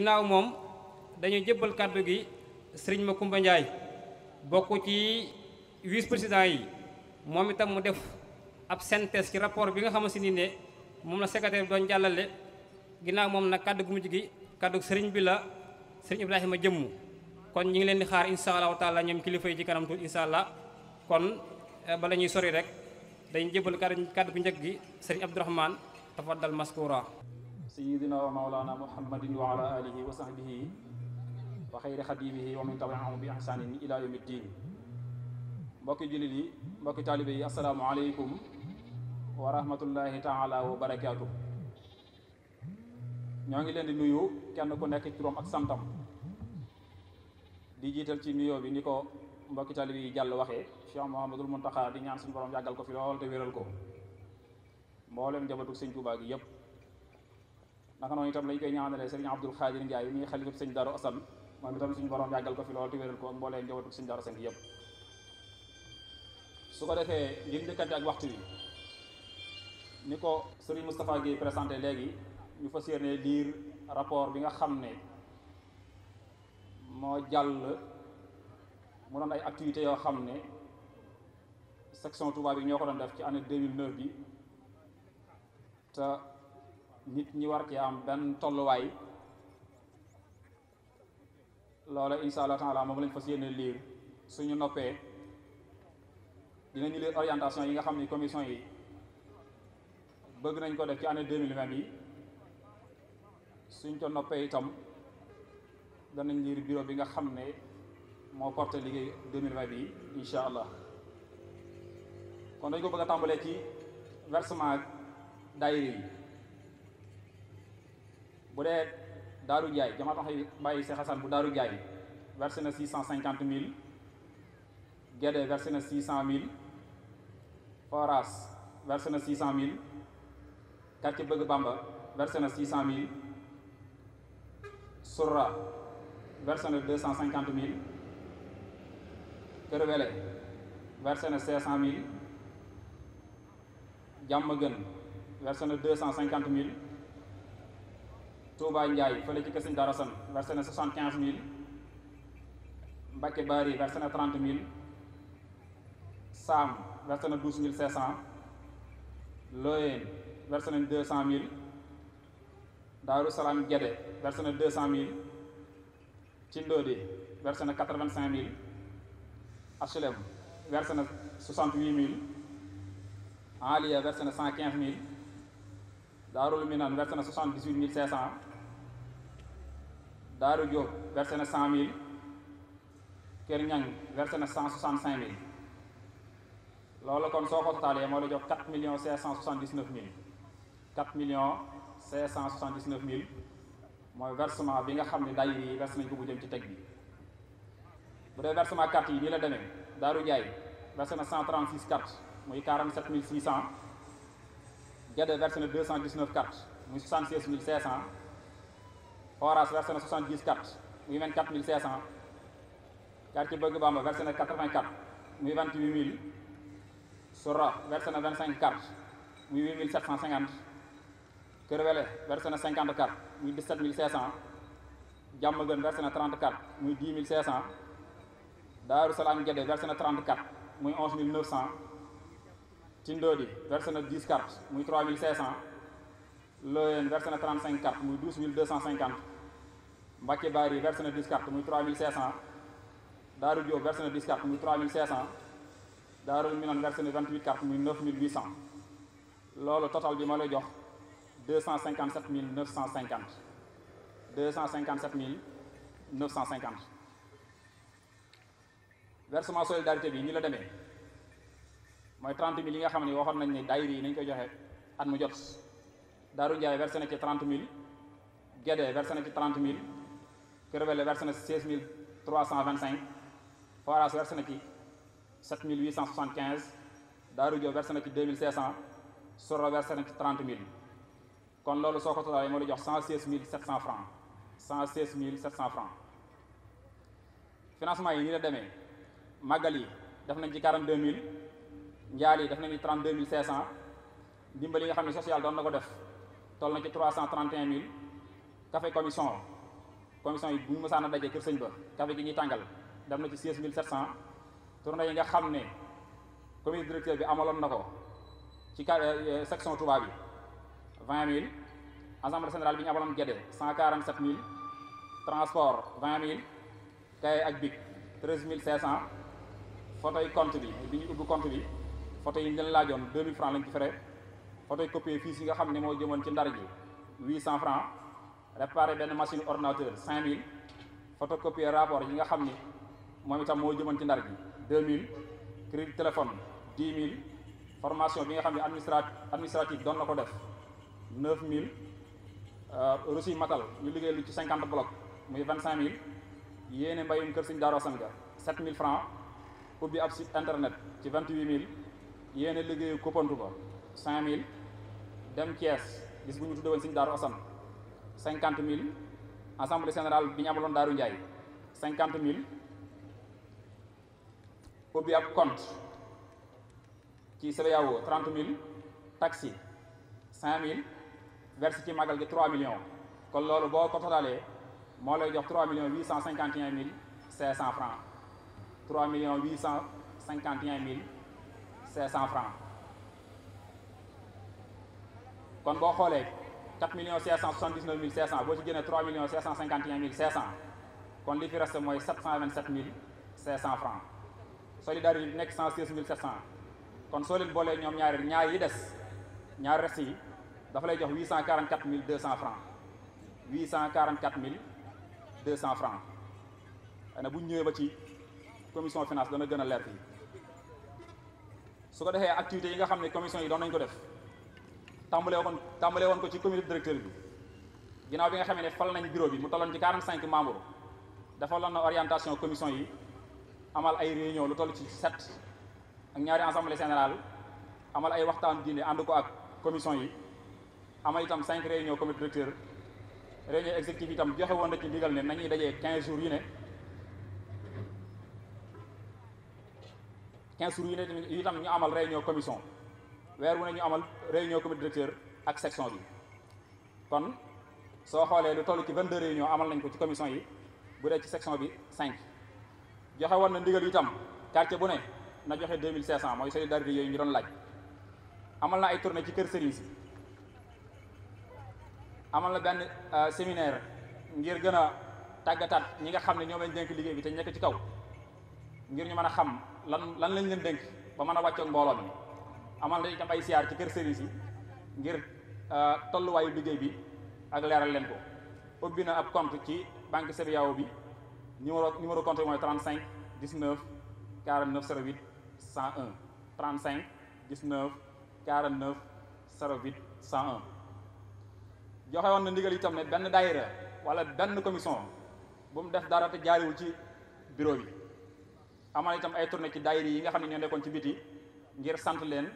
ginaaw umum dañu jëppal kaddu gi serigne Makumba ndjay bokku ci vice président yi mom itam mu def ab synthèse ci rapport bi nga xamanteni ni ne mom la secrétaire doon sering ginaaw mom nak kaddu gu bi la serigne Ibrahima jëm kon ñi ngi leen di xaar inshallah taala ñoom kilifa yi ci kanam tu inshallah kon eh, ba lañuy sori rek dañu jëppal kaddu kàddu gu njëkk gi serigne Abdourahmane tafaddal maskura sayidina wa maulana muhammadin wa ala alihi wa sahbihi wa xayri xadimihi wa man tabiahum bi ihsanin ila yawmi mbokki jullit yi mbokki taalibe yi asalaamu aleykum wa rahmatullahi taala wa barakaatu ñoo ngi leen di nuyu kenn ku nekk ci turam ak santam di jiital ci nuyoo bi ni ko mbokki taalibe yi jàll waxee Cheikh Mouhamadul Muntaxa di ñaan suñu borom yàggal ko fi lool te wéral ko mboolem njabootu sëñ Tuubaa gi yépp naka noonu itam lañ koy ñaanalee sëriñ Abdul Xaadir Njaay yi muy xalifab sëñ Daaru Asan moom itam suñu borom yàggal ko fi loolu te ko ak mboolee njabootu sëñ Daaru Asan gi yëpp su ko defee ngir njëkkante ak waxtu wi ni ko sëriñ Moustapha Guèye présenté léegi ñu fa yéene lire rapport bi nga xam ne moo jàll mu doon ay activités yoo xam ne section Touba yi ñoo ko doon def ci année 2009 bi te nit ñi war ci am benn tolluwaay loola insha allah taala moom lañ fas yéenee liir suñu noppee dinañu liir orientation yi nga xam ni commission yi bëgg nañ ko def ci année deux mille vingt yi suñ ko noppee itam danañ liir bureau bi nga xam ne moo porté liggéey deux mille vingt bi insha allah kon dañ ko bëgg a tàmbalee ci versement daayira yi bu dee daaru jaay jama tax bàyyi si xasan bu daaru jaay versé na six cent cinquante mille Guédé versé na six cent mille Foras versé na six cent mille quartier bëgg Bamba versé na six cent mille Sourra versé na deux cent cinquante mille Kër na cinq cent mille Diamaguène versé deux cent cinquante mille Touba Ndiaye fële ci kër Sëñ Daara Sam versé na soixante quinze mille Mbacké Bari versé na trente mille Sam versé na douze mille cinq cent Loyeen versé nañ deux cent mille Daaru Salaam Guédé versé na deux cent mille Cindodi versé na quatre vingt cinq mille HLM versé na soixante huit mille Alia versé na cent quinze mille Daarul Minan versé na soixante dix huit mille cinq cent Daaru Diop versé na cent mille Kër Ñang versé na cent soixante cinq mille loolu kon soo ko totaalee moo la jox quatre million cinq cent soixante dix neuf mille quatre millions cinq cent soixante dix neuf mille mooy versement bi nga xam ne dayu yi ko bu jëm ci teg bi bu dee versement carte la demee Daaru Jaay versé na cent trente six cartes muy quarante sept mille six cent Gade versé na deux cent dix neuf cartes muy soixante seize mille cinq cent Foras versé na 74 muy 24 500 quartier Bëgg Bamba versé na 84 muy 28 000 Sora versé na 25 cartes muy 8 750 Kër Wele versé na 50 cartes muy 17 500 Diamaguène versé na 30 cartes muy 10 500 Daaru Salaam Guédé versé na 30 cartes muy 11 900 Tindodi versé na 10 cartes muy 3 500 Loyeen versé 35 cartes 12 250 Mbacke verset versé na 10 cartes muy 3500 Daaru Diop versé na 10 cartes muy 3500 versé 28 cartes total de ma lay 257 950 257 950 versement solidarité il est la demee mooy 30 000 yi nga xam ne daru est versé 30 000 est versé 30 000 est versé 16 325 faras versé 7 875 daru est versé 2 600, 2 est versé 30 000 kon loolu soo ko 700 francs 116 700 francs financement yi ni magali il y a 42 000 Gali, il y a 32 600. dimbali a xam ne social doon de ko 331 000 café commission commission de bu mu sana dajé café de Nitangal, tangal dem 700 ci 16700 tourna yi de xamné commissaire directeur de amalon nako ci euh, euh, section touba 20 000 assemblée générale bi gade 147 000 transport 20 000 café ak 13 500 photo yi compte bi photo francs lañ photocopie fii si nga xam ne moo jëmoon ci ndar ji huit cent francs réparé benn machine ordinateur cinq mille photocopier rapport yi nga xam ni moom itam moo jëmoon ci ndar ji deux mille crédit téléphone dix formation bi nga xam ne administrat administrative doon la ko def neuf mille euh, reçu matal ñu liggéey lu ci cinquante bloc muy vingt cinq mille yéene mbayum kër sëñ Daaru Sanga sept mille francs ubbi ab site internet ci vingt huit mille yéene liggéeyu Kopantuba cinq mille dem 50 000. assemblée générale 50 000. 50 000, compte 30 000. taxi 5 000. versé magal de 3 millions kon loolu boo de 3 851 mille 500 francs 3 851 500 francs kon boo xoolee 4 millions 579 mille 500 boo ci génnee 3 millions 651 mille 500 kon li fi reste mooy 727 mille 500 francs solidarité bi nekk 106 mille 700 kon soo leen boolee ñoom ñaari ñaar yi des ñaari reste yi dafa lay jox 844 200 francs 844 200 francs xëy na bu ñu ñëwee ba ci commission finance dana gën a leer fii su ko defee activités yi nga xam ne commission yi doon nañ ko def tàmbalee woon tàmbalee woon ko ci comité directeur bi ginnaaw bi nga xamee ne fal nañ bureau bi mu tolloon ci 45 membres dafa loon na orientation commission yi amal ay réunion lu toll ci sept ak ñaari assemblée générale amal ay waxtaan diine ànd ko ak commission yi amal itam cinq réunion comité directeur réunion exécutif itam joxe woon na ci ndigal ne nañuy dajee quinze jours yu ne quinze jours yu ne itam ñu amal réunion commission weer wu ne ñu amal réunion comité directeur ak section bi kon soo xoolee lu toll ci 22 réunion amal nañ ko ci commission yi bu dee ci section bi 5 joxe woon na ndigal tam quartier bu ne na joxe 2500 mooy solidarité yooyu ñu doon laaj amal na ay tournée ci kër sëriñ si amal na benn euh, séminaire ngir gën a tàggataat ñi nga xam ne ñoom lañ dénk liggéey bi te ñu nekk ci kaw ngir ñu mën a xam lan lan lañ leen dénk ba mën a wàccoog mbooloo mi amal na itam ay siyaar ci kër sëriñ si ngir euh, tolluwaayu liggéey bi ak leeral leen ko ubbi na ab compte ci banque CBAO bi numéro numéro compte bi mooy 35 19 49 08 101 35 19 49 08 101 joxe woon na ndigal itam ne benn daayira wala benn commission bu mu def dara te jaariwul ci bureau bi amal itam ay tournée ci daayira yi nga xam ne ñoo nekkoon ci biti ngir sant leen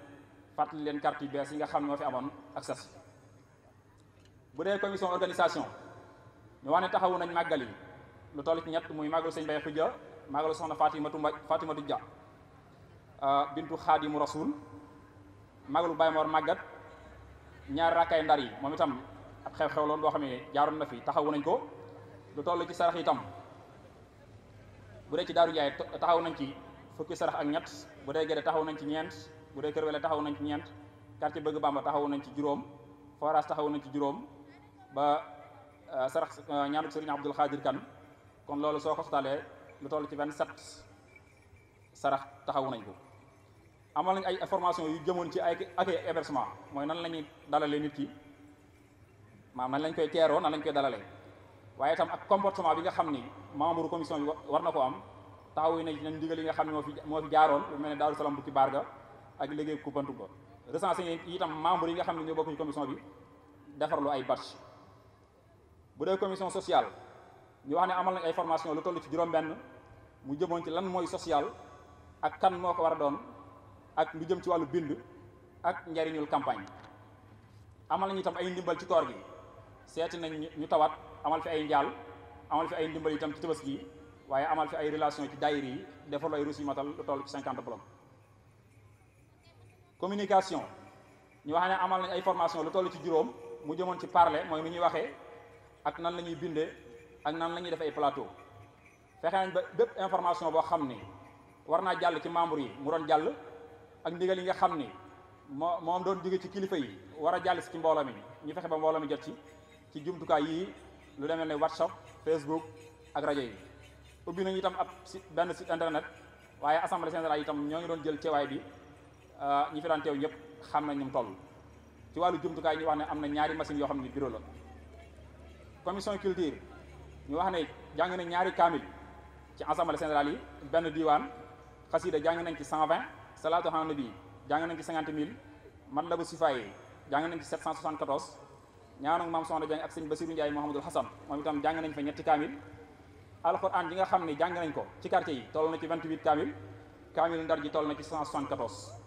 fatali len carte bi bees nga xam mo fi amoon ak sas bu dé commission organisation ñu wane taxawu nañ magali lu tollu ci ñett muy seigne Baye soxna Fatimatu Fatimatu euh, bintu hadi Rasul màggalu Baye Mor màggat ñaari rakkaay ndar yi mom itam ak xew-xew loolu boo xamé jaarum na fi taxawu nañ ko lu tollu ci sarax itam bu dé ci daru jaay taxawu nañ ci fukki sarax ak ñett bu dé gëdé taxawu nañ ci bu dee kër wele taxaw nañ ci ñeent quartier bëgg bamba taxaw nañ ci juróom forage taxaw nañ ci juróom ba euh, sarax euh, ñaanuk sëriñ abdul xaadir kan kon loolu soo ko xoolee lu toll ci vingt-sept sarax taxawu nañ ko amal nañ ay formation yu jëmoon ci ay accueil hébergement mooy nan la ñuy dalalee nit ki maam nan lañ koy teeroo nan lañ koy dalalee waaye itam ak comportement bi nga xam ni membre commission bi war na ko am taxawu nañ ci nañ ndigal yi nga xam ne moo moo jaaroon lu mel ne Daaru Salaam bukki baar ga ak liggéey ku bantu ba recensé yi itam membre yi nga xam ne ñoo bokkuñu commission bi defarlu ay batch bu dee commission sociale ñu wax ne amal nañ ay formation lu toll ci juróom-benn mu jëmoon ci lan mooy social ak kan moo ko war a doon ak lu jëm ci wàllu bind ak njariñul campagne amal nañ itam ay ndimbal ci koor gi seeti nañ ñu tawat amal fi ay njaal amal fi ay ndimbal itam ci tëbës gi waaye amal fi ay relation ci daayir yi defal ay reçu matal lu toll ci 50 blocs communication ñu wax ne amal nañ ay formation lu toll ci juróom mu jëmoon ci parler mooy nu ñuy waxee ak nan la ñuy bindee ak nan lañuy def ay plateau fexe nañ ba bépp information boo xam ni war naa jàll ci membre yi mu doon jàll ak ndigal yi nga xam ni moo moom doon jóge ci kilifa yi war a jàll si ci mboola mi ñu fexe ba mbooloo mi jot ci ci jumtukaay yii lu demee ne whatsapp facebook ak rajo yi ubbi nañu itam ab si benn site internet waaye assemblée générale itam ñoo ngi doon jël ceewaay bi Euh, ñi fi daan teew ñëpp xam nañ ñu toll ci walu jumtu kay ñu wax ne am na ñaari machine yo xamni ne bureau la commission culture ñu wax ne jang na ñaari kamil ci assemblée générale yi ben diwan xasida jang nañ ci 120 salatu ala nabi jàng nañ ci 50 000 matlabu sifaye jàng nañ ci 774 ñaan ak mam soxna jang ak seigne basirou njaay mohamedou hassan mom itam jang nañ fa ñetti kamil alcorane gi nga xamni jang nañ ko ci quartier yi tollu na ci 28 kamil kamil ndar ji tollu na ci 174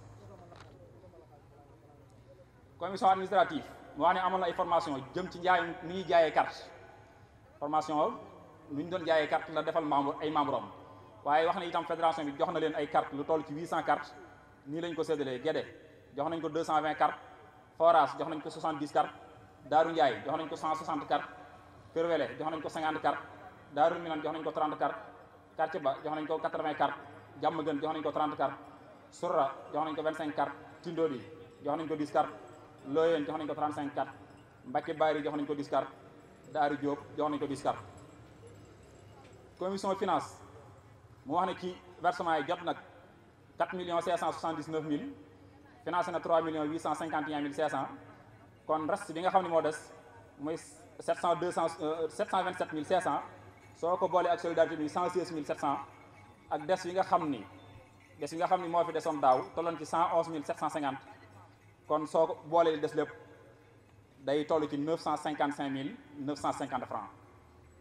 commission administrative mu wax ne amoon na ay formation jëm ci njaay nu ñuy jaayee carte formation nu ñu doon jaaye carte la defal membre ay membre am waaye wax na itam fédération bi jox na leen ay carte lu toll ci 800 cartes nii lañ ko séddalee Guédé jox nañ ko cent 220 cartes Foras jox nañ ko 70 cartes Daaru Ndiaye jox nañ ko cent cartes Kër Wele jox nañ ko 50 cartes Daaru Minam jox nañ ko 30 cartes Quartier Ba jox nañ ko 80 cartes Diamaguène jox nañ ko 30 cartes Sourra jox nañ ko 25 cartes Tindodi jox nañ ko 10 cartes Looyeen jox nañ ko 35 4 Mbacke Bari jox nañ ko 10 4 Daaru Diop jox nañ ko 10 4 commission finance mu wax ne ci versement yi jot nag 4 millions 579 mille financé na 3 millions 851 mille 500 kon reste bi nga xam ne moo des muy 700 200 727 mille 500 soo ko boolee ak solidarité bi 116 mille 700 ak des yi nga xam ni des yi nga xam ni moo fi desoon daaw tolloon ci 111 mille 750 Comme ça, boole li des 955 950 francs.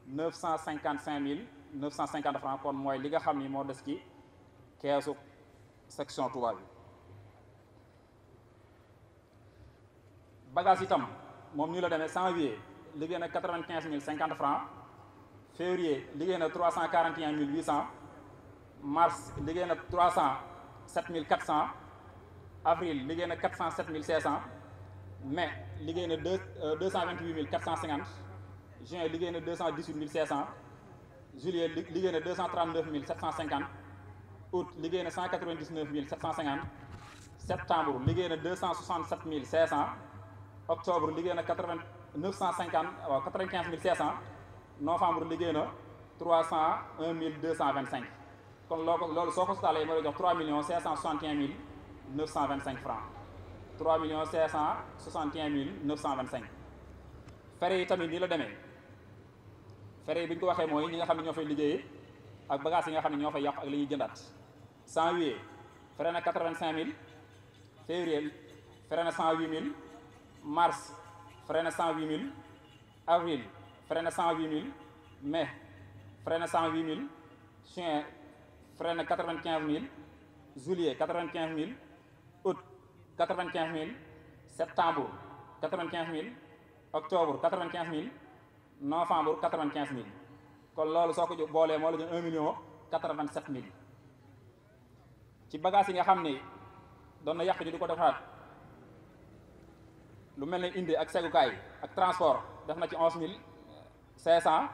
955 950 francs comme moi mooy li nga xam ni qui est sur la section tuba bi. bagage itam moom ñu la demee janvier li 95 050 francs février li na 341 800 mars li na 307 400 avril liggéey na 407 500 mai il na 228 450 euh, juin liggéey na 218 500 juillet liggéey na 239 750 août liggéey na 199 750 septembre liggéey na 267 500 octobre il na 80 95 500 novembre liggéey a 301 225 kon loo de loolu soo ko 3 561 000. 925 francs 3 millions 561 925 frais yi tamit ni la démé. frais yi ko waxé moy ñi nga xam ak bagages yi nga xamni ak li ñuy jëndat. janvier frais na 85 février frais na 108 mars frais na 108 000 avril frais na 108 000 mai frais na 108 000 juin frais na 95 000 juillet 95 000 quatre-vingt-quinze mille septembre quatre-vingt-quinze mille octobre quatre-vingt-quinze mille novembre quatre-vingt-quinze mille kon loolu soo ko boolee moo la jëm un million quatre-vingt-sept mille ci bagage yi nga xam ni doon na yàq ji di ko defaraat lu mel ne indi ak segukaay ak transport def na ci onze mille cinq cent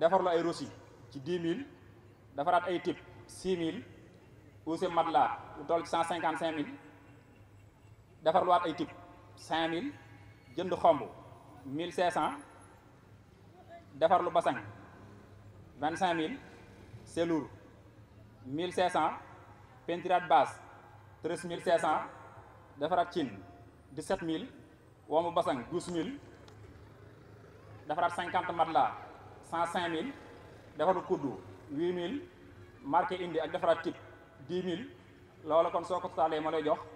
defarlu ay rosi ci dix mille defaraat ay type six mille uuse matelas lu toll ci cent cinquante cinq mille defar luwaat ay tub 5000 jënd xombu 1500 defar lu basang 25000 selour 1500 pentiraat basse 13500 ak chin 17000 woomu basang 12000 defaraat 50 matla 105000 defaru kuddu 8000 marqué indi ak defaraat tip 10000 lolo kon soko ko totaalee ma lay jox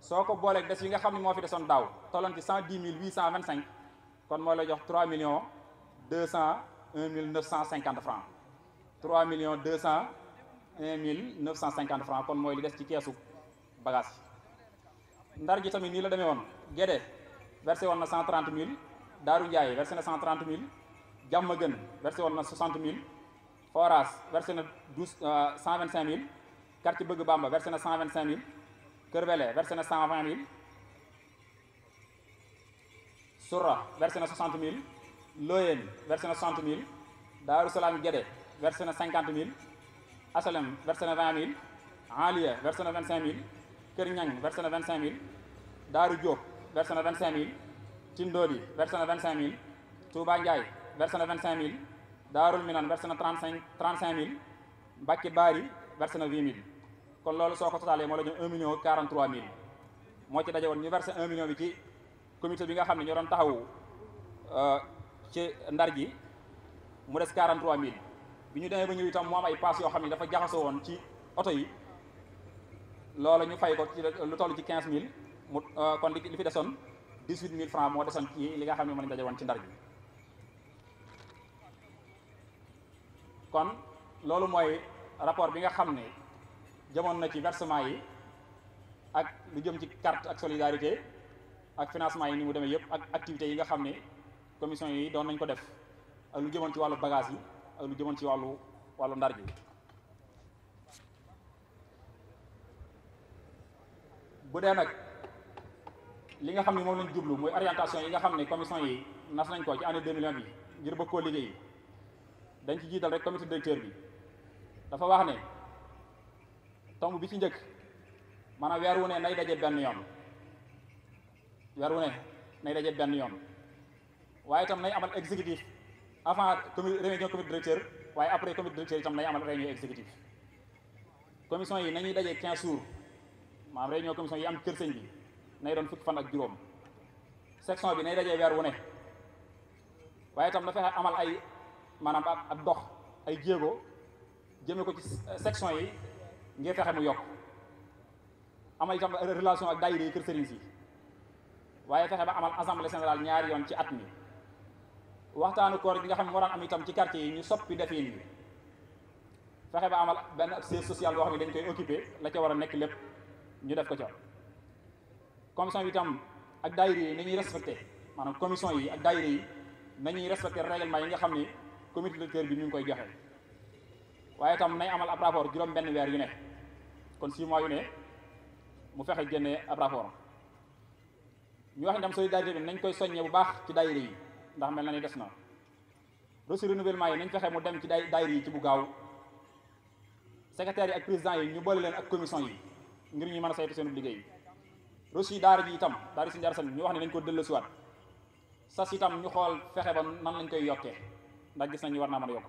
Soko Goualek, des 500 000 de son Dao. Tolant qui est 110 825. Pour moi, il y a 3 200 $1 francs. 3 200 $1 950 Pour moi, il y a des kickies sous. Bagas. Ndari Gitomi, il y a des 130 000. Darouyaï, verset 930 000. Giammagan, verset 60 000. Foras, verset 125 000. Kati Bugabama, verset 925 000. Kër Bele versé na cent vingt mille Soura versé na soixante mille Loyen versé na soixante mille Daaru Salaam Guédé versé na cinquante mille Asalem versé na vingt mille Alia versé na vingt cinq mille Kër Ñang versé na vingt cinq mille Daaru Diop versé na vingt cinq mille Tindodi versé na vingt cinq mille Touba Ndiaye versé na vingt cinq mille Daarul Minan versé na trente cinq trente cinq mille Mbacke Bari versé na huit mille kon lolu soko totalé mo la ñu 1 million 43 mille moo ci dajé won ñu versé 1 million bi ci comité bi nga xamné ñu ñoo doon euh ci ndar gi mu dess 43 mille bi ñu demee ba ñëw itam mo am ay pass yo xamné dafa jaxaso won ci auto yi lolu ñu fay ko ci lu tollu ci 15 mille mu euh, kon li fi desoon 18 mille francs mo desoon ci li nga xamné mo dajé won ci ndar gi kon lolu moy rapport bi nga xamné jamono na ci versement yi ak lu jëm ci carte ak solidarité ak financement yi ni mu demee yëpp ak activités yi nga xam ne commission yi doon nañ ko def ak lu jëmoon ci wàllu bagage yi ak lu jëmoon ci wàllu wàllu ndar ji bu dee nag li nga xam ne moom lañ jublu mooy orientation yi nga xam ne commission yi nas nañ ko ci année 2020 bi ngir bëgg koo liggéey dañ ci jiital rek comité directeur bi dafa wax ne tomb bi ci njëkk maanaam weer wu ne nay daje benn yoon weer wu ne nay daje benn yoon waaye tam nay amal exécutif avant comité réunion comité directeur waaye après comité directeur itam nay amal réunion exécutif commission yi nañuy daje quinze jours maanaam réunion commission yi am kër sëñ bi nay doon fukki fan ak juróom section bi nay dajee weer wu ne waaye tam na fexe amal ay maanaam ak dox ay jéego jëme ko ci section yi ngir fexe mu yokk amal itam relation ak daayira yi kër sëriñ si waaye fexe ba amal assemblée générale ñaari yoon ci at mi waxtaanu koor gi nga xam ne moo daan am itam ci quartier yi ñu soppi defin yi fexe ba amal benn ak siège social boo xam ne dañ koy occupé la ca war nekk lépp ñu def ko ca commission bi itam ak daayira yi nañuy maanaam commission yi ak daayira yi nañuy respecté règlement yi nga xam ni comité directeur bi ñu ngi koy joxe waaye tam nañ amal ab rapport juróom benn weer yu ne kon si mois yu ne mu fexe génnee ab rapport ñu wax itam solidarité bi nañ koy soññee bu baax ci daayira yi ndax mel na ni des na reçu renouvellement yi nañ fexe mu dem ci day daayira yi ci bu gaaw secrétaire yi ak président yi ñu boole leen ak commission yi ngir ñu mën a saytu seen liggéey reçu yi daara ji itam daara si njaar san ñu wax ne nañ ko delloosiwaat sas itam ñu xool fexe ba nan lañ koy yokkee ndax gis nañu war naa mën a yokk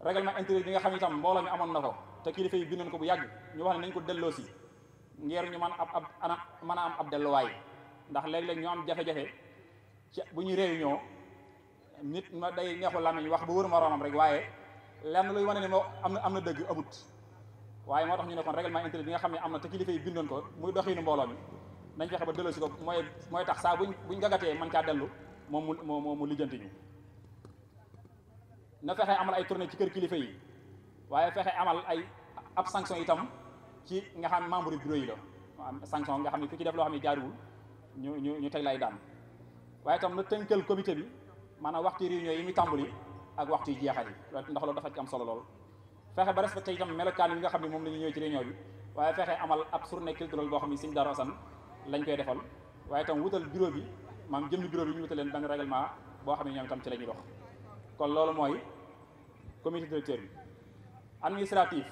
règlement intérieur bi nga xam itam mbooloo mi amoon na ko te kilifa yi bindoon ko bu yàgg ñu wax ne nañ ko delloo si ngir ñu man ab ab ana mën a am ab delluwaay ndax léeg-léeg ñu am jafe-jafe ci bu ñu ñoo nit ma day neexu làmmiñ wax ba wër moroomam rek waaye lenn luy wane ne moo am na am na dëgg amut waaye moo tax ñu ne kon règlement intérieur bi nga xam ne am na te kilifa yi bindoon ko muy doxiinu mbooloo mi nañ fexe ba delloo si ko mooy mooy tax saa buñ buñ gagatee mën caa dellu moom mu moo mu lijjanti ñu na fexe amal ay ci kër kilifa yi waaye fexe amal ay ab sanction itam ci nga xam membre yu bureau yi la am sanction nga xam ne ku ci def loo xam ne jaaruwul ñu ñu ñu teg lay daan waaye tam na tënkal comité bi maanaam waxtu réunion yi muy tàmbali ak waxtu yi jeexal yi ndax loolu dafa ci am solo lool fexe ba respecté itam melokaan yi nga xam ne moom la ñu ñëwee ci réunion bi waaye fexe amal ab journée culturelle boo xam ne Sëñ Daaru Asan lañ koy defal waaye itam wutal bureau bi maam jëmmi bureau yi ñu wutal leen benn règlement boo xam ne ñoom itam ci la ñuy kon loolu mooy comité bi administratif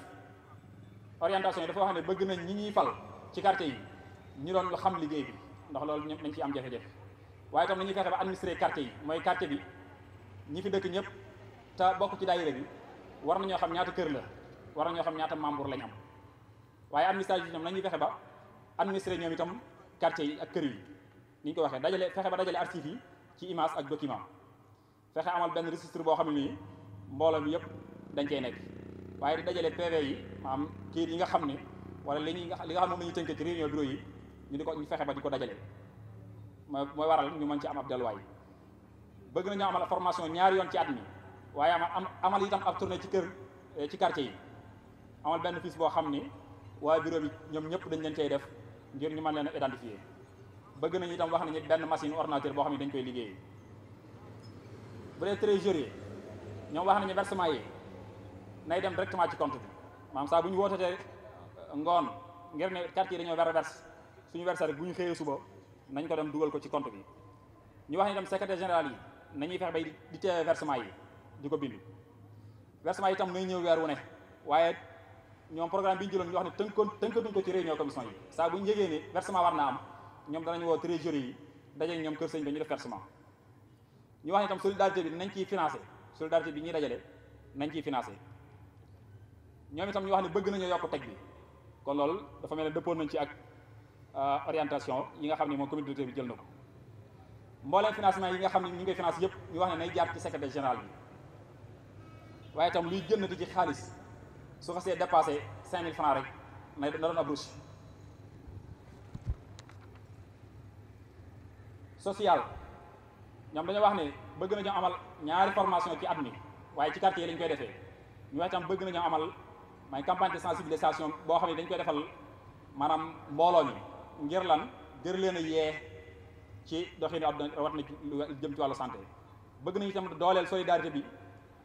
orientation yi dafa wax ne bëgg nañ ñi ñuy fal ci quartier yi ñu doon xam liggéey bi ndax loolu ñëpp nañ ci am jafe-jafe waaye tam nañuy fexe ba administrer quartier yi mooy quartier bi ñi fi dëkk ñëpp te bokk ci daayira bi war nañoo xam ñaata kër la war nañoo xam ñaata membre lañ am waaye administratif ñoom nañuy fexe ba administrer ñoom itam quartier yi ak kër yi ni ñu ko waxee dajale fexe ba dajale archives ci image ak document fexe amal benn registre boo xam ne nii mbooloo mi yëpp dañ cey nekk waaye di dajale PV yi maanaam kayit yi nga xam ne wala li ñuy li nga xam ne moom la ñuy tënk ci réunion bureau yi ñu di ko ñu fexe ba di ko dajale mooy mooy waral ñu mën ci am ab yi bëgg nañu amal formation ñaari yoon ci at mi waaye amal amal itam ab tournée ci kër eh, ci quartier yi amal benn fiche boo xam ni waaye bureau bi ñoom ñëpp dañ leen cay def ngir ñu mën leen a identifier bëgg nañu itam wax nañu benn machine ordinateur boo xam ne dañ koy liggéey ñoom wax nañu versement yi nay dem directement ci compte bi maanaam saa bu ñu wootatee ngoon ngir ne quartier dañoo war a verse suñu verse rek bu ñu xëyee suba nañ ko dem dugal ko ci compte bi ñu wax ne dem secrétaire général yi nañuy fex bay di teewee versement yi di ko bind versement yi tam nañ ñëw weer wu ne waaye ñoom programme bi ñu jëloon ñu wax ne tënkoon tënkatuñ ko ci réunion commission yi saa bu ñu yégee ne versement war naa am ñoom danañ woo trésorier yi daje ñoom kër sëñ ba ñu def versement ñu wax ne tam solidarité bi nañ ciy financé solidarité bi ñuy dajale nañ ciy financé ñoom itam ñu wax ne bëgg nañoo yokk teg bi kon loolu dafa mel ne dëppoon nañ ci ak euh, orientation yi nga xam ne moo communauté bi jël na ko mbooleem financement yi nga xam ne ñu ngi koy finance yëpp ñu wax ne nay jaar ci secrétaire général bi waaye itam ci xaalis su xasee dépassé cinq mille rek na doon ab ruche social ñoom dañu wax ne bëgg nañu amal ñaari formation ci at mi waaye ci quartier yi lañ koy defee ñu wax itam bëgg nañoo amal mooy campagne de sensibilisation boo xam ne dañ koy defal maanaam mbooloo mi ngir lan gër leen a yee ci doxinu ab wat na lu jëm ci wàllu santé bëgg nañu itam dooleel solidarité bi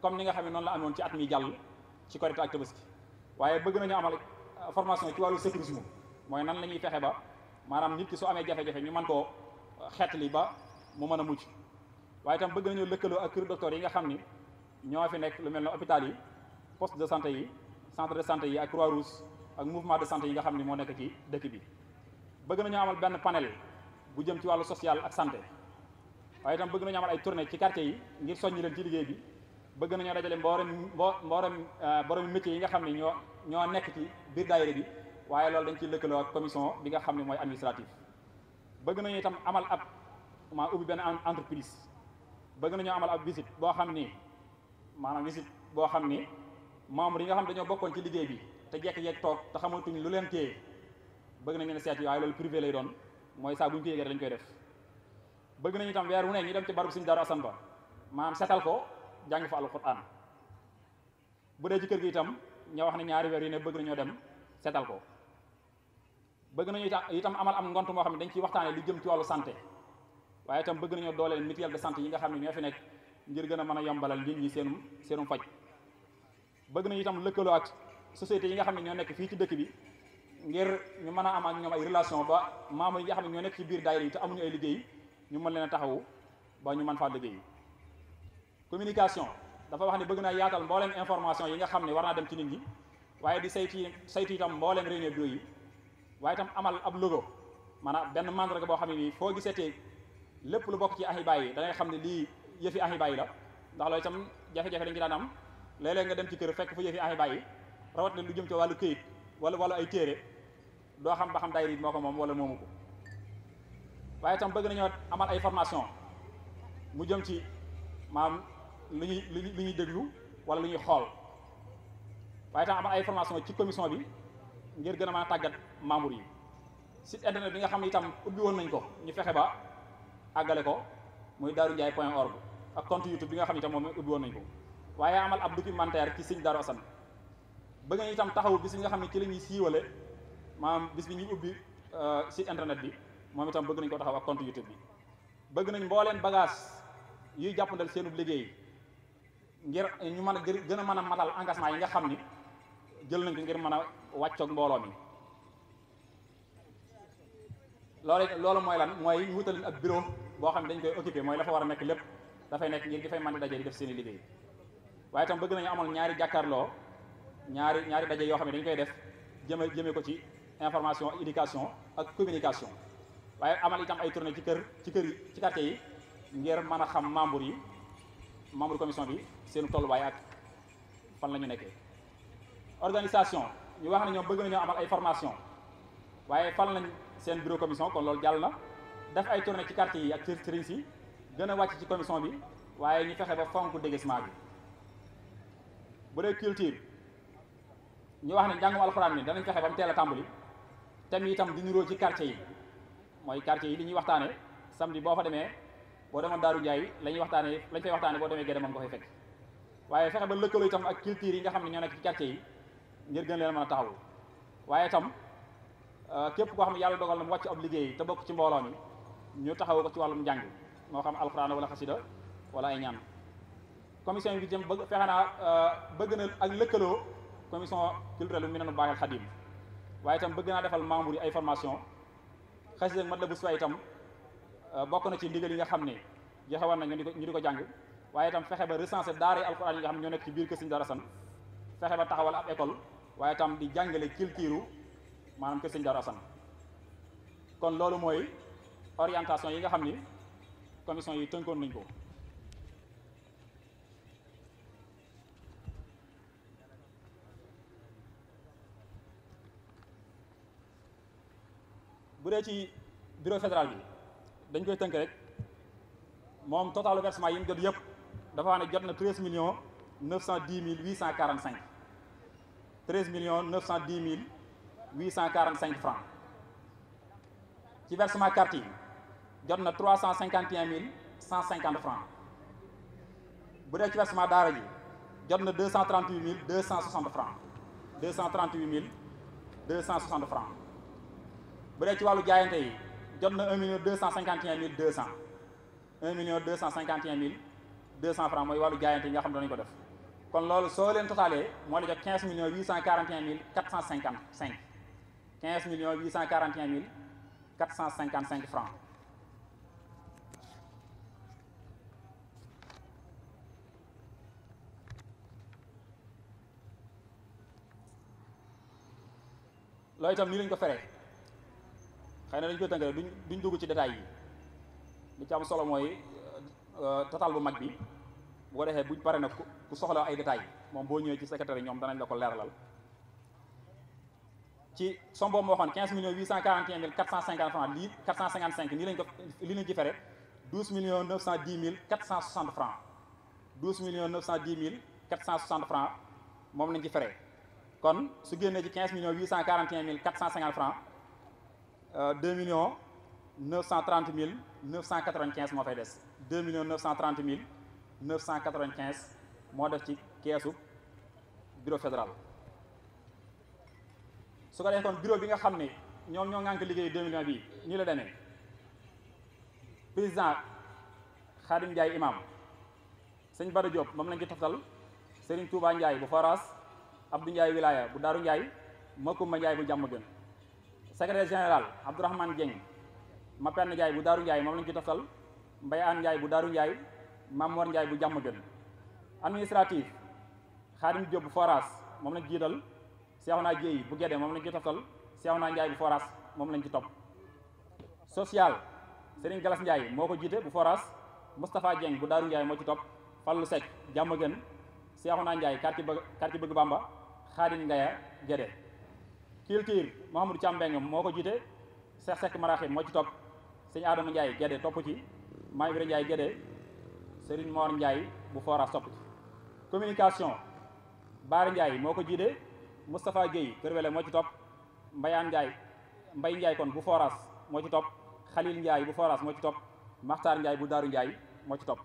comme ni nga xam ne noonu la amoon ci at mi jàll ci Korité ak Tabaski waaye bëgg nañu amal formation ci wàllu sécurisme mooy nan la ñuy fexe ba maanaam nit ki su amee jafe-jafe ñu man koo xeetli ba mu mën a mujj waaye itam bëgg nañu lëkkaloo ak kër docteur yi nga xam ni ñoo fi nekk lu mel ne hôpital yi poste de santé yi centre de santé yi ak croix rouge ak mouvement de santé yi nga xamni mo nek ci bi bëgg nañu amal ben panel bu jëm ci walu social ak santé waye tam bëgg nañu amal ay tournée ci quartier yi ngir soññi leen ci liggéey bi bëgg nañu dajale mboolem mboolem euh, borom métier yi nga xamni ño ño nek ci biir daayira bi waye loolu dañ ci lëkkaloo ak commission bi nga xamni moy administratif bëgg nañu tam amal ab ma ubi ben entreprise bëgg nañu amal ab visite bo xamni manam visite bo xamni membre yi nga xam dañoo bokkoon ci liggéey bi te jekk-jekk toog te xamatuñ lu leen téye bëgg nañ leen seet yi waaye lay doon mooy saa bu dañ koy def bëgg nañu tam weer wu ne dem ci barab suñu daaru asan ba maanaam setal ko jàng fa alquran bu dee ci kër gi itam ñoo wax ne ñaari weer yi ne bëgg nañoo dem setal ko bëgg nañu itam amal am ngont moo xam ne dañ ciy waxtaanee lu jëm ci wàllu santé waaye itam bëgg nañoo dooleel mutuelle de santé yi nga xam ne ñoo fi nekk ngir gën a mën a yombalal nit ñi seenum seenu faj bëgg nañu itam lëkkaloo ak société yi nga xam ne ñoo nekk fii ci dëkk bi ngir ñu mën a am ak ñoom ay relation ba maam yi nga xam ne ñoo nekk ci biir daayira yi te amuñu ay liggéey ñu mën leen a taxawu ba ñu mën faa liggéey communication dafa wax ne bëgg naa yaatal mbooleem information yi nga xam ne war naa dem ci nit ñi waaye di saytu saytu itam mbooleem réunion bureau yi waaye tam amal ab logo maanaam benn mandarga boo xam ne nii foo giseetee lépp lu bokk ci ahibaay yi da xam ne lii yëfi ahibaay la ndax loolu itam jafe-jafe am léeg nga dem ci kër fekk fa yëf yi axe bàyyi rawat na lu jëm ci wàllu këyit wala wala ay téere doo xam ba xam day nit moo ko moom wala moomu ko waaye tam bëgg nañoo amal ay formation mu jëm ci maam lu ñuy lu ñuy déglu wala lu ñuy xool waaye tam amal ay formation ci commission bi ngir gën a mën a tàggat membres yi site internet bi nga xam ne itam ubbi woon nañ ko ñu fexe ba àggale ko muy daaru njaay point org ak compte youtube bi nga xam ne itam moom ubbi woon nañ ko waye amal ab documentaire ci seigne daro Assane ba nga itam taxaw bis nga xamni ci lañuy ñuy manam bis bi ñu ubbi ci euh, internet bi mom itam bëgg nañ ko taxaw ak compte YouTube bi bëgg nañ mbolen bagage yu jappandal seenu liggéey ngir ñu mëna gëna mëna matal engagement yi nga xamni jël nañ ko ngir mëna a ak mbolo mi lolé loolu moy lan moy ñu wutal leen ab bureau bo xamni dañ koy occuper moy la fa war a nekk lépp dafay ngir difay man dajé def seen liggéey waaye tam bëgg nañu amal ñaari jàkkaarloo ñaari ñaari daje yoo xam ne dañ koy def jëme jëme ko ci information éducation ak communication waaye amal itam ay tournée ci kër ci kër ci quartier yi ngir mën a xam membre yi membre commission bi seen tolluwaay ak fan la ñu nekkee organisation ñu wax nañoo ñoom bëgg nañoo amal ay formation waaye fan lañ seen bureau commission kon loolu jàll na def ay tournée ci quartier yi ak ci sëriñ si gën a wàcc ci commission bi waaye ñu fexe ba fonk déguisement bi bu dee culture ñu wax ne njàngum alxuraan mi danañ fexe ba mu teel a tàmbali thème yi itam di niroo ci quartier yi mooy quartier yi li ñuy waxtaane samedi boo fa demee boo demoon Daaru Njaay la ñuy waxtaane lañ fay waxtaane boo demee Gédé moom nga fay fekk waaye fexe ba lëkkaloo itam ak culture yi nga xam ne ñoo nekk ci quartier yi ngir gën leen mën a taxawu waaye itam euh, képp koo xam yàlla dogal na mu wàcc ab liggéey te bokk ci mbooloo mi ñu taxaw ko ci wàllum moo xam alxuraan wala xasida wala ay ñaan commission bi jëm bëgg fexe naa euh, bëgg na ak lëkkaloo commission culturelle bi Minanul Baaxil Xadim waaye itam bëgg naa defal membre yi ay formation xasida mat la bu suwa itam euh, bokk ci ndigal yi nga xam ne joxe woon nañ ñu di ko ñu di ko jàng waaye itam fexe ba recenser daara yi alxuraan yi nga xam ne ñoo nekk ci biir kër Sëriñ Daara fexe ba taxawal ab école waaye itam di jàngale culture maanaam kër Sëriñ Daara Assane kon loolu mooy orientation yi nga xam ni commission yi tënkoon nañ ko bu bureau fédéral bi total versement yi est de 13 910 845 13 millions 910 845 francs ci versement carte jot 351 150 francs bu versement daara ji 238 260 francs 238 260 francs bu dee ci wàllu jaayante yi jot na un million deux cent cinquante et un mille deux cent million deux et un mille deux cent francs mooy wàllu jaayante yi nga xam ne danañ ko def kon loolu soo leen totalee moo la jox quinze millions huit cent quarante et un mille quatre cent cinquante cinq quinze millions huit cent quarante et un cent cinquante cinq francs loolu itam nii lañ ko feree xëy na dañ ko tënk rek duñ duñ ci détails yi li ci am solo mooy euh, total bu mag bi bu ko defee buñ pare nag ku soxla ay détails moom boo ñëwee ci secrétaire ñoom danañ la ko leeralal ci somme boobu moo waxoon 15 millions 841 mille 450 francs lii 455 nii lañ ko lii lañ ci fere 12 millions 910 mille 460 francs 12 millions 910 mille ci fere kon su génnee ci 15 millions 841 mille 450 francs 2 euh, millions 930 995 que fay 2 millions 930 995 que def ci bureau fédéral Ce kon bureau bi nga xam ñoo liggéey 2 millions bi président Khadim Ndiaye imam sëñ badou Diop lañ Touba Ndiaye Abdou Ndiaye wilaya bu Darou Ndiaye Ndiaye bu secrétaire général Abdourahmane Dieng ma pen Ndiaye bu Daaru Ndiaye mom lañ ci toftal Mbaye An Ndiaye bu Daaru Ndiaye Mamor Ndiaye bu jàmm gën administratif khadim Diop bu Foras mom lañ ci cheikhouna Seexuna bu Gédé mom lañ ci toftal cheikhouna Ndiaye bu Foras mom lañ ci top social Serigne Galas Ndiaye moko jité bu Foras mustapha Dieng bu Daaru Ndiaye mo ci top Fallu Seck jàmm gën Seexuna Ndiaye quartier quartier bëgg Bamba khadim Ngaya Gédé culture Mahamadou Thiambeng moo ko jiite Cheikh Seck Maraxim moo ci topp sëñ Adama Ndiaye Gédé topp ci Maam Ibra Ndiaye Gédé Serigne Mor Ndiaye bu Foras topp ci communication Baara Ndiaye moo ko jiite Moustapha Guèye Kër moo ci topp Mbayaan Ndiaye Mbay Ndiaye kon bu Foras moo ci topp Khalil Ndiaye bu Foras moo ci topp Makhtar Ndiaye bu Daaru Ndiaye moo ci topp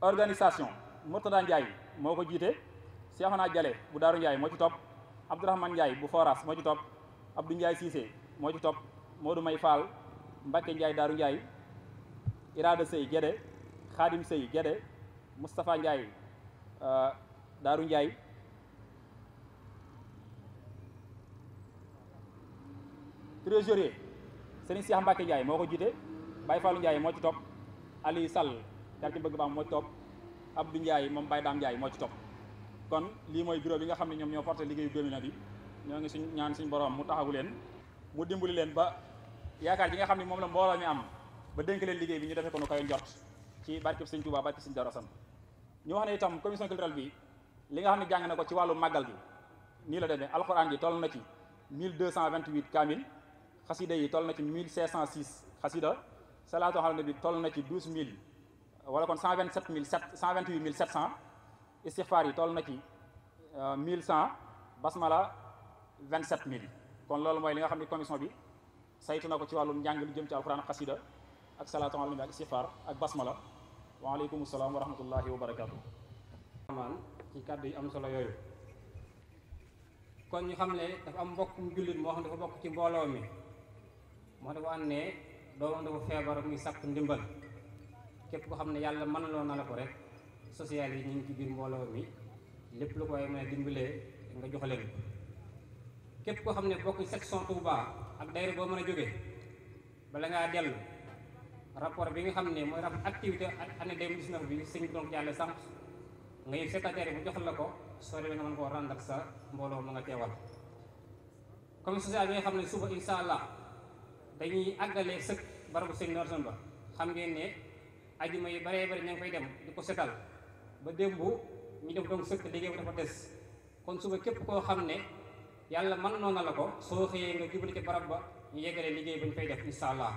organisation Mourtada Ndiaye moo ko jiite Cheikhouna Dialé bu Daaru Ndiaye moo ci topp Abdourahmane Ndiaye bu Foras moo ci topp Abdou Ndiaye Cissé moo ci topp Modou May Fall Mbacke njaay Daaru Ndiaye Irada Sey Guédé Khadim Sey Guédé Moustapha Ndiaye euh, Daaru Ndiaye trésorier Serigne Cheikh Mbacke Ndiaye moo ko jiite Baye Fallou Ndiaye moo ci topp Aliou Sall quartier bëgg baam moo ci topp Abdou Ndiaye moom Baye Dame Ndiaye moo ci topp kon lii mooy biro bi nga xam ne ñoom ñoo porté liggéeyu domina bi ñoo ngi suñ ñaan suñ borom mu taxawu leen mu dimbali leen ba yaakaar ji nga xam ne moom la mbooloo mi am ba dénk leen liggéey bi ñu defee ko nu koy njort ci barkeb sëñ Tuubaa barkeb sëñ Daaru ñu wax ne itam commission culturelle bi li nga xam ne jàng na ko ci wàllu màggal bi nii la demee alxuraan ji toll na ci 1228 kaamil xasida yi toll na ci 1506 xasida salaatu ala nabi toll na ci 12000 wala kon 127 700 128 700 istighfar yi tol na ci 1100 euh, basmala 27000 kon loolu moy li nga xamni commission bi saytu nako ci walu Aksala lu jëm ci alquran qasida ak salatu ala nabi ak istighfar ak basmala alaykum assalam wa rahmatullahi wa barakatuh man ci kaddu am solo kon ñu xam dafa am mbokkum julit mo xam dafa bokk ci mbolo mi mo dafa ané do won dafa febar muy ndimbal kep ko xamne yalla man lo na la ko rek sosial yi ñu ci bir mbolo mi lepp lu koy may dimbalé nga jox leen ko xamné bokk section Touba ak daayira bo mëna joggé jógee bala nga del rapport bi nga xamné moy mooy rapport activité année 2019 bi sëñ bi doon jàlle sànq nga yëg secrétaire bu jox la ko soo nga mën ko rand ak sa mbolo mo nga téwal comme sosial bi nga xamné suba inshallah dañuy agalé sëkk barabu sëñ Noor Samba xam ngeen né aji may bare bare ñang fay dem diko setal ba démb ñu def doon sëkk liggéey bi dafa des kon suba képp koo xam ne yàlla mën noona la ko soo xëyee nga jubali ci barab ba ñu yeggalee liggéey ba ñu fay def incha allah